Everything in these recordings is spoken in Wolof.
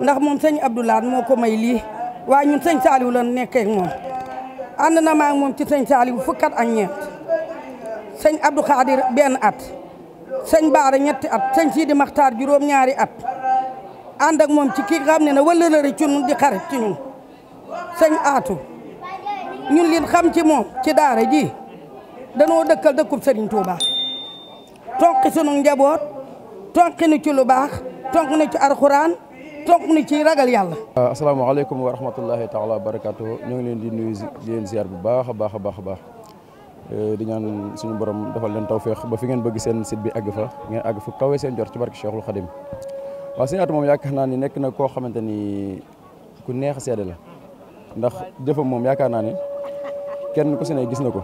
ndax moom sëñ Abdoulaye moo ko may lii waaye ñun sëñ Saliou la nekkee ak moom ànd na maa moom ci sëñ Saliou fukk at ak ñeent benn at sëñ Baara ñetti at sëñ Sidi Makhtar juróom-ñaari at ànd ak moom ci kii xam ne ne wala lëri ci ñun di xarit ci ñun sëñ Aatu ñun liin xam ci moom ci daara ji danoo dëkkal dëkkub Serigne Touba tonki sunu njaboot tonki nu ci lu baax tonki nu ci alxuraan toog ni ci ragal yàlla. Ah, asalaamaaleykum wa rahmatullahi taala wa barakaatu ñoo ngi leen di nuyu di leen ziar bu baax a baax a baax a baax eh, di ñaan suñu borom defal leen taw tawféex ba fi ngeen bëgg seen site bi àgg fa ngeen àgg fu kawee seen jor ci barke Cheikhul Khadim waaw sëñ Atou moom yaakaar naa ni nekk na koo xamante ni ku neex a seede la ndax jëfam moom yaakaar naa ne kenn ku si ne gis na ko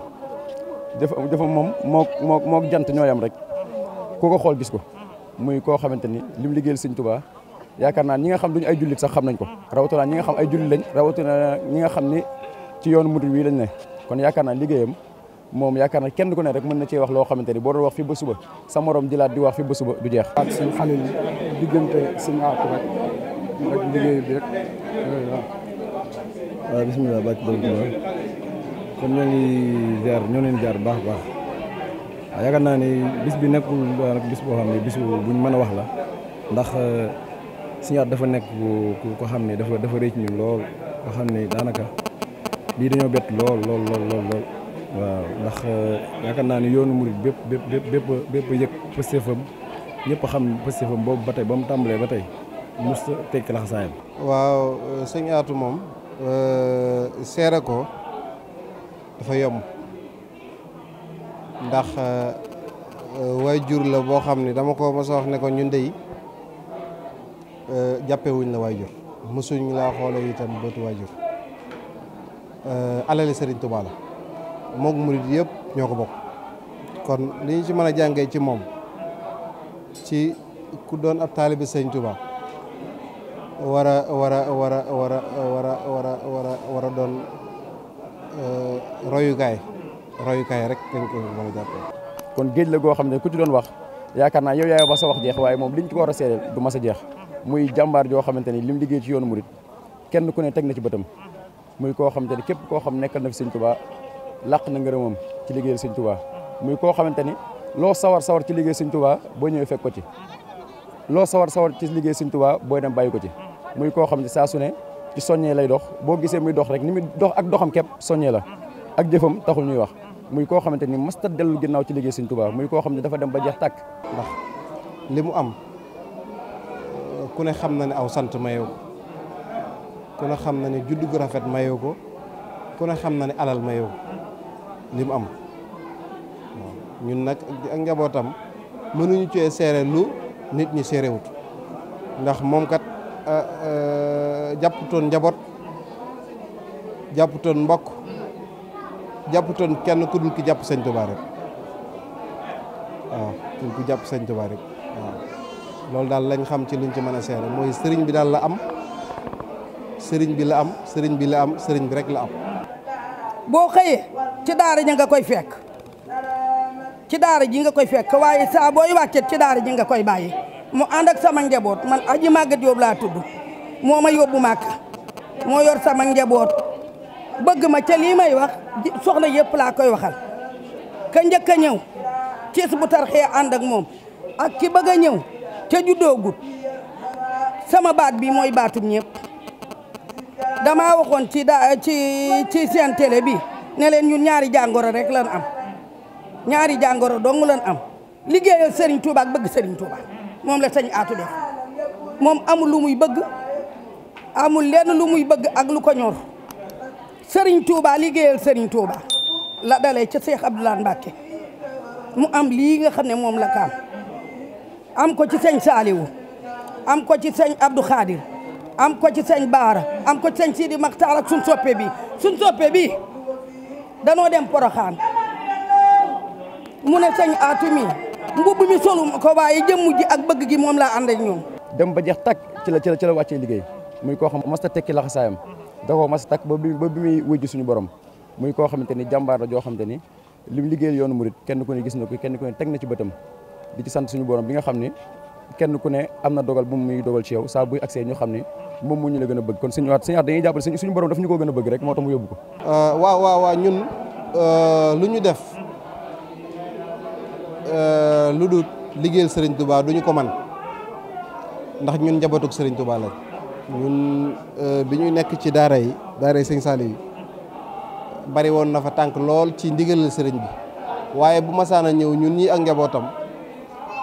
jëfam jëfam moom moo moo moo jant ñooyam rek ku ko xool gis ko muy koo xamante ni lim liggéeyal sëñ Tuubaa yaakaar naa ñi nga xam duñu ay jullit sax xam nañ ko rawatina ñi nga xam ay jullit lañ rawatina ñi nga xam ni ci yoonu murid wi lañ ne kon yaakaar naa liggéeyam moom yaakaar naa kenn ku ne rek mën na cee wax loo xamante ni boo doon wax fi ba di wax fi ba suba du jeex. ak seen xalil diggante seen aatu rek ak liggéey bi rek waaw bisimilah ñoo leen jaar baax baax waaw yaakaar naa ni bis bi nekkul daanaka bis boo xam ne bis buñ mën a wax la ndax Sëñ dafa nekk ku ko xam ne dafa dafa rëcc ñun lool nga xam ne daanaka lii dañoo bett lool lool lool lool waaw ndax eh, yaakaar naa ne yoonu murid bépp bépp bépp bépp bépp yëg pëstéefam ñëpp xam pëstéefam boobu ba tey ba mu tàmbalee ba tey mos a tekki laxasaayam waaw sëñ moom eh, seere ko dafa yomb ndax eh, jur la boo xam ne dama ko mos a wax ne ko ñun dey Euh, jàppewuñ la waajur mësuñ laa xoolee itam bëtu waajur euh, alali Serigne Touba la moog murid yëpp ñoo ko bokk kon li ñu ci mën a jàngee ci moom ci ku doon ab taalibi Serigne Touba war a war a war a war a war war a war a war a doon euh, royukaay royukaay rek ko mën a kon géej la goo xam ne ku ci doon wax yaakaar naa yow yaay ba sa wax jeex waaye moom liñ ko war a seedeel du mas a jeex. muy jàmbaar joo xamante ni lim liggéey ci yoonu murit kenn ku ne teg na ci bëtam muy koo xamante ni képp koo xam nekkal na fi sëñ Tuubaa làq na ngërëmam ci liggéey sëñ Tuubaa muy koo xamante ni loo sawar sawar ci liggéey sëñ Tuubaa boo ñëwee fekk ko ci loo sawar sawar ci liggéey sëñ Tuubaa booy dem bàyyi ko ci muy koo xam ne saa su ne ci soññee lay dox boo gisee muy dox rek ni muy dox ak doxam képp soññee la ak jëfam taxul ñuy wax muy koo xamante ni masta dellu ginnaaw ci liggéey sëñ Tuubaa muy koo xam ne dafa dem ba jeex tàkk ndax mu am ku ne xam na ne aw sant mayoo ko ku ne xam na ne judd gu rafet mayoo ko ku ne xam na ne alal mayoo ko am ñun nag ak njabootam mënuñu cee seere lu nit ñi seerewut ndax moom kat euh, euh, jàpputoon njaboot jàpputoon mbokk jàpputoon kenn ku dul ki jàpp Sëñ Tuubaa rek ku dul ki jàpp Sëñ Tuubaa rek loolu daal lañ xam ci luñ ci mën a seere mooy sëriñ bi daal la am sëriñ bi la am sëriñ bi la sëriñ bi rek la am. boo xëyee ci daara ji nga koy fekk ci daara ji nga koy fekk waaye saa booy wàccet ci daara ji nga koy bàyyi mu ànd ak sama njaboot man aji màggat yóbbu laa tudd moo ma yóbbu màkk moo yor sama njaboot bëgg ma ca lii may wax soxna yëpp laa koy waxal ka njëkk a ñëw ci bu tarxee ànd moom ak ki bëgg a ñëw. te juddoogut sama baat bi mooy baatu ñëpp dama waxoon ci daa ci ci seen télé bi ne leen ñun ñaari jàngoro rek lan am ñaari jàngoro dong lan am liggéeyal sëriñ Touba ak bëgg Serigne Touba moom la sañ aatu def moom amul lu muy bëgg amul lenn lu muy bëgg ak lu ko ñor Serigne Touba liggéeyal sëriñ Touba la dalee ca Cheikh Abdoulaye Mbacke mu am lii nga xam ne moom la kaam am ko ci sëñ Saaliwu am ko ci sëñ Abdou am ko ci sëñ baar am ko ci sëñ Sidi di ak suñ soppe bi suñ bi danoo dem Poroxaan mu ne sëñ aatu mi mbubb ko waaye jëmm ji ak bëgg gi moom laa ànd ñoom dem ba jeex tak ci la ci la la wàccee liggéey muy koo xam masta tekki laxasaayam da koo masta takk ba bi ba bi muy wëjj suñu borom muy koo xamante ni jàmbaar la joo xamante ni lim liggéeyal yoonu murit kenn ko ne gis na ko kenn ku ne teg na ci bëtam di ci sant suñu borom bi nga xam ni kenn ku ne am na dogal bu muy dogal ci yow saa buy accès ñu xam ni moom mu ñu la gën a bëgg kon suñu waat suñu waat dañuy jàppale suñu borom daf ñu ko gën a bëgg ko. Euh, waaw waaw ñun euh, lu ñu def euh, lu dul liggéeyal Serigne Touba duñu ko man ndax ñun njabootug Serigne Touba la ñun bi ñuy nekk ci daara yi daara yi Sëñ Saliou yi bari woon na fa tànk lool ci ndigalal sëriñ bi waaye bu masaana ñëw ñun ñii ak njabootam.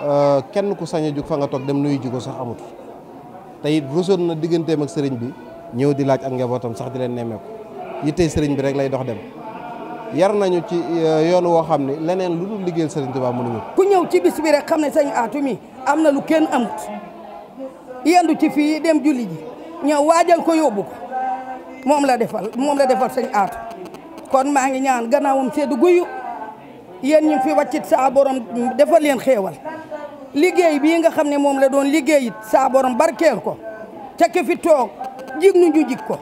Euh, kenn ku sañ a jug dem nuyu ji ko sax amut te it rusoon na digganteem ak sëriñ bi ñëw di laaj ak njabootam sax di leen nemmeeku yittee sëriñ bi rek lay dox dem yar nañu ci euh, yoon woo xam ne leneen lu dul liggéey sëriñ Tuubaa mënuñu ku ñëw ci bis bi rek xam ne sañ aatu mi am na lu kenn amut yendu ci fii dem julli ji ñëw waajal ko yóbbu ko moom la defal moom la defal sañ aatu kon maa ngi ñaan gannaawam seddu guyu yéen ñu fi wàccit saa borom defal leen xéewal liggéey bii nga xam ne moom la doon liggéey it saa borom barkeel ko ca ke toog jig nu ñu jig ko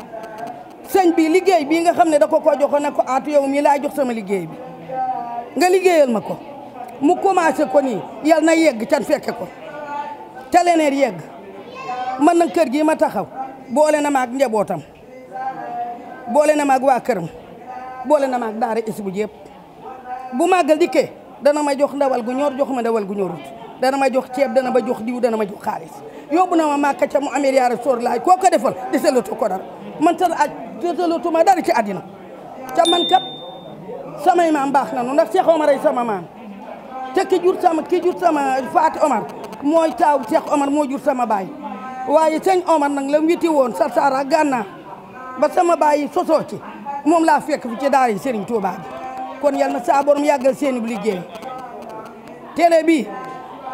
sëñ bii liggéey bii nga xam ne da ko ko joxoon ne ko aatu yow mii laa jox sama liggéey bi nga liggéeyal ma ko mu commencé ko nii yal na yegg can fekke ko ca leneen yegg man nag kër gii ma taxaw boole na ma ak njabootam boole na ma waa këram boole na ma ak daara bu jépp bu màggal dikkee dana ma jox ndawal gu ñor jox ma ndawal gu ñorut dana ma jox ceeb dana ma jox diw dana ma jox xaalis yóbbu na ma màkka ca mu amee yaara soor laay koo ko defal desalatu ko dara man tan aj desalatu ma dara ci àddina ca man samay maam baax nanu ndax Cheikh Omar ay sama maam te ki sama ki sama Fatou Omar mooy taaw Cheikh Omar moo jur sama baay waaye sëñ Omar nag la witi woon Sarsara Gànnaar ba sama baay sosoo ci moom laa fekk fi ci daara yi Serigne Touba bi kon yal na saa borom yàggal seen i liggéey bi